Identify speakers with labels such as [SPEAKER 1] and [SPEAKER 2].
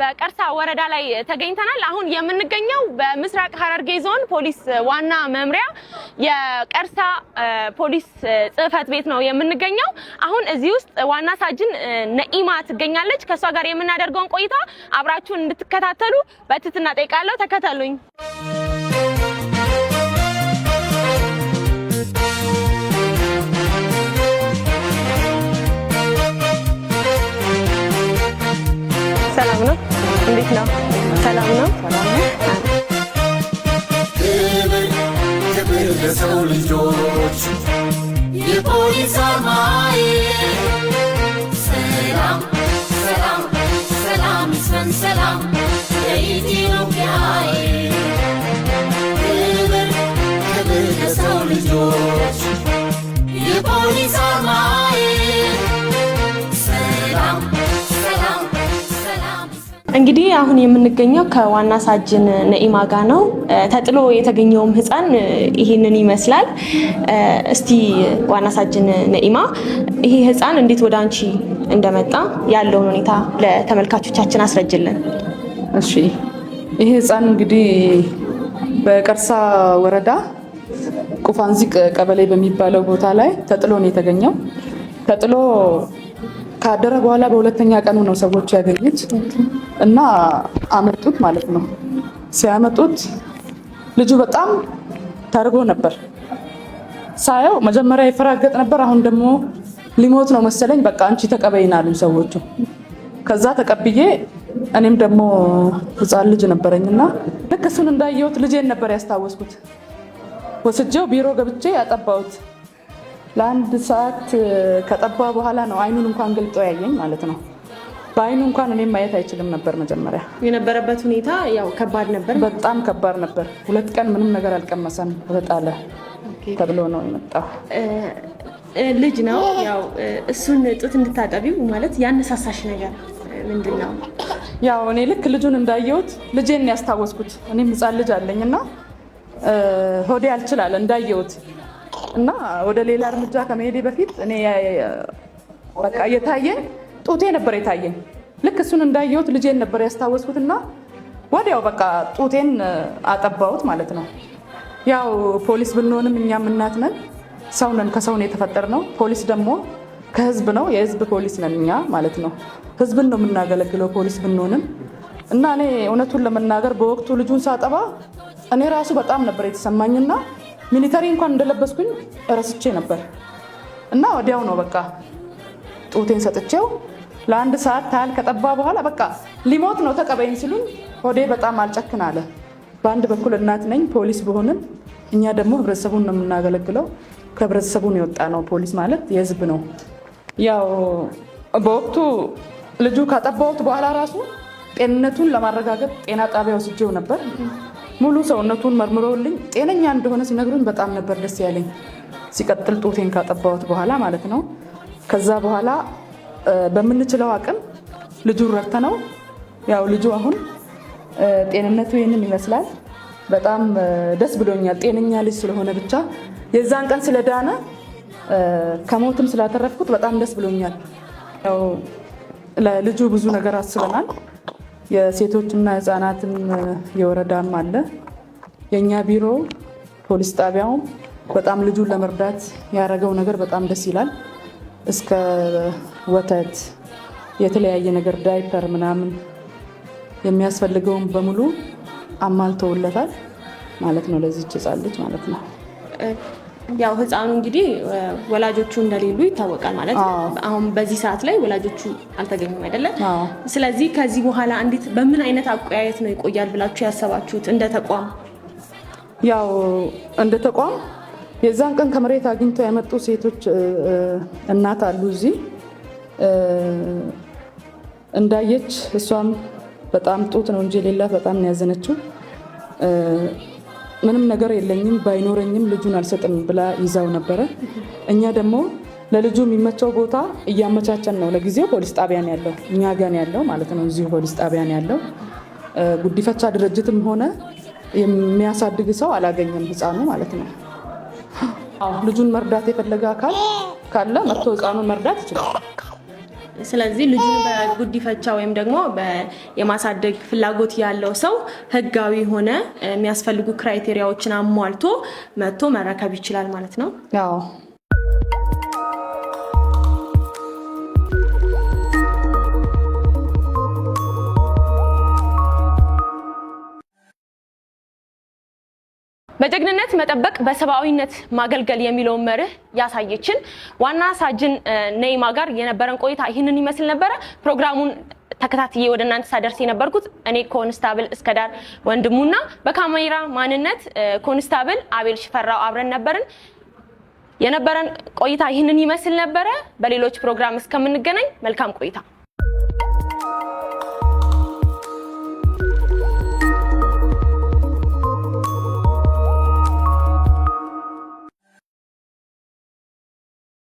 [SPEAKER 1] በቀርሳ ወረዳ ላይ ተገኝተናል። አሁን የምንገኘው በምስራቅ ሐረርጌ ዞን ፖሊስ ዋና መምሪያ የቀርሳ ፖሊስ ጽህፈት ቤት ነው የምንገኘው። አሁን እዚህ ውስጥ ዋና ሳጅን ነኢማ ትገኛለች። ከእሷ ጋር የምናደርገውን ቆይታ አብራችሁን እንድትከታተሉ በትህትና ጠይቃለሁ። ተከተሉኝ።
[SPEAKER 2] ቤተሰብ ነው። እንዴት ነው? ሰላም ነው። ክብር ክብር ለሰው ልጆች የቆይ ሰማይ ሰላም ሰላም ሰላም ሰላም እንግዲህ አሁን የምንገኘው ከዋና ሳጅን ነኢማ ጋ ነው። ተጥሎ የተገኘውም ህፃን ይህንን ይመስላል። እስቲ ዋና ሳጅን ነኢማ፣ ይሄ ህፃን እንዴት ወደ አንቺ እንደመጣ ያለውን ሁኔታ ለተመልካቾቻችን አስረጅልን። እሺ፣
[SPEAKER 3] ይሄ ህፃን እንግዲህ በቀርሳ ወረዳ ቁፋንዚቅ ቀበሌ በሚባለው ቦታ ላይ ተጥሎ ነው የተገኘው። ተጥሎ ካደረ በኋላ በሁለተኛ ቀኑ ነው ሰዎች ያገኙት። እና አመጡት ማለት ነው። ሲያመጡት ልጁ በጣም ተርጎ ነበር ሳየው፣ መጀመሪያ ይፈራገጥ ነበር። አሁን ደግሞ ሊሞት ነው መሰለኝ። በቃ አንቺ ተቀበይን አሉኝ ሰዎቹ። ከዛ ተቀብዬ እኔም ደግሞ ህፃን ልጅ ነበረኝና ልክ እሱን እንዳየሁት ልጄን ነበር ያስታወስኩት። ወስጄው ቢሮ ገብቼ ያጠባሁት ለአንድ ሰዓት ከጠባ በኋላ ነው አይኑን እንኳን ገልጦ ያየኝ ማለት ነው። በአይኑ እንኳን እኔም ማየት አይችልም ነበር። መጀመሪያ
[SPEAKER 2] የነበረበት ሁኔታ ያው ከባድ ነበር፣
[SPEAKER 3] በጣም ከባድ ነበር። ሁለት ቀን ምንም ነገር አልቀመሰም፣ ተጣለ ተብሎ ነው የመጣው።
[SPEAKER 2] ልጅ ነው ያው እሱን ጡት እንድታጠቢው ማለት ያነሳሳሽ ነገር ምንድን ነው?
[SPEAKER 3] ያው እኔ ልክ ልጁን እንዳየሁት ልጄን ያስታወስኩት እኔም ህፃን ልጅ አለኝ እና ሆዴ አልችላል እንዳየሁት እና ወደ ሌላ እርምጃ ከመሄዴ በፊት እኔ በቃ እየታየኝ ጡቴ ነበር የታየኝ። ልክ እሱን እንዳየሁት ልጄን ነበር ያስታወስኩት እና ወዲያው በቃ ጡቴን አጠባሁት ማለት ነው። ያው ፖሊስ ብንሆንም እኛም እናት ነን፣ ሰው ነን፣ ከሰው ነው የተፈጠርነው። ፖሊስ ደግሞ ከህዝብ ነው፣ የህዝብ ፖሊስ ነን እኛ ማለት ነው። ህዝብን ነው የምናገለግለው ፖሊስ ብንሆንም እና እኔ እውነቱን ለመናገር በወቅቱ ልጁን ሳጠባ እኔ ራሱ በጣም ነበር የተሰማኝና ሚሊተሪ እንኳን እንደለበስኩኝ ረስቼ ነበር እና ወዲያው ነው በቃ ጡቴን ሰጥቼው ለአንድ ሰዓት ታህል ከጠባ በኋላ በቃ ሊሞት ነው ተቀበይኝ ሲሉኝ ሆዴ በጣም አልጨክን አለ። በአንድ በኩል እናት ነኝ ፖሊስ ብሆንም እኛ ደግሞ ህብረተሰቡን ነው የምናገለግለው። ከህብረተሰቡን የወጣ ነው ፖሊስ ማለት የህዝብ ነው። ያው በወቅቱ ልጁ ካጠባሁት በኋላ ራሱ ጤንነቱን ለማረጋገጥ ጤና ጣቢያ ወስጄው ነበር። ሙሉ ሰውነቱን መርምረውልኝ ጤነኛ እንደሆነ ሲነግሩኝ በጣም ነበር ደስ ያለኝ። ሲቀጥል ጡቴን ካጠባሁት በኋላ ማለት ነው። ከዛ በኋላ በምንችለው አቅም ልጁን ነው። ያው ልጁ አሁን ጤንነቱ ይህንን ይመስላል። በጣም ደስ ብሎኛል። ጤነኛ ልጅ ስለሆነ ብቻ የዛን ቀን ስለዳነ ከሞትም ስላተረፍኩት በጣም ደስ ብሎኛል። ያው ለልጁ ብዙ ነገር አስበናል። የሴቶችና ህፃናትም የወረዳም አለ የእኛ ቢሮ ፖሊስ ጣቢያውም በጣም ልጁን ለመርዳት ያደረገው ነገር በጣም ደስ ይላል። እስከ ወተት የተለያየ ነገር ዳይፐር ምናምን የሚያስፈልገውን በሙሉ አማልተውለታል ማለት ነው። ለዚች ህፃን ልጅ ማለት ነው።
[SPEAKER 2] ያው ህፃኑ እንግዲህ ወላጆቹ እንደሌሉ ይታወቃል ማለት ነው። አሁን በዚህ ሰዓት ላይ ወላጆቹ አልተገኙም አይደለም። ስለዚህ ከዚህ በኋላ እንዴት በምን አይነት አቆያየት ነው ይቆያል ብላችሁ ያሰባችሁት እንደ ተቋም?
[SPEAKER 3] ያው እንደ ተቋም የዛን ቀን ከመሬት አግኝተው ያመጡ ሴቶች እናት አሉ እዚህ እንዳየች እሷም በጣም ጡት ነው እንጂ የሌላት በጣም ነው ያዘነችው። ምንም ነገር የለኝም ባይኖረኝም ልጁን አልሰጥም ብላ ይዛው ነበረ። እኛ ደግሞ ለልጁ የሚመቸው ቦታ እያመቻቸን ነው። ለጊዜው ፖሊስ ጣቢያን ያለው እኛ ጋን ያለው ማለት ነው። እዚሁ ፖሊስ ጣቢያን ያለው ጉዲፈቻ ድርጅትም ሆነ የሚያሳድግ ሰው አላገኘም ህፃኑ ማለት ነው። ልጁን መርዳት የፈለገ አካል ካለ መጥቶ ህፃኑን መርዳት ይችላል።
[SPEAKER 2] ስለዚህ ልጁን በጉዲፈቻ ወይም ደግሞ የማሳደግ ፍላጎት ያለው ሰው ህጋዊ ሆነ የሚያስፈልጉ ክራይቴሪያዎችን አሟልቶ መጥቶ መረከብ ይችላል ማለት ነው።
[SPEAKER 1] ደህንነት መጠበቅ በሰብአዊነት ማገልገል የሚለውን መርህ ያሳየችን ዋና ሳጅን ነይማ ጋር የነበረን ቆይታ ይህንን ይመስል ነበረ። ፕሮግራሙን ተከታትዬ ወደ እናንተ ሳደርስ የነበርኩት እኔ ኮንስታብል እስከዳር ወንድሙና በካሜራ ማንነት ኮንስታብል አቤል ሽፈራው አብረን ነበርን። የነበረን ቆይታ ይህንን ይመስል ነበረ። በሌሎች ፕሮግራም እስከምንገናኝ መልካም ቆይታ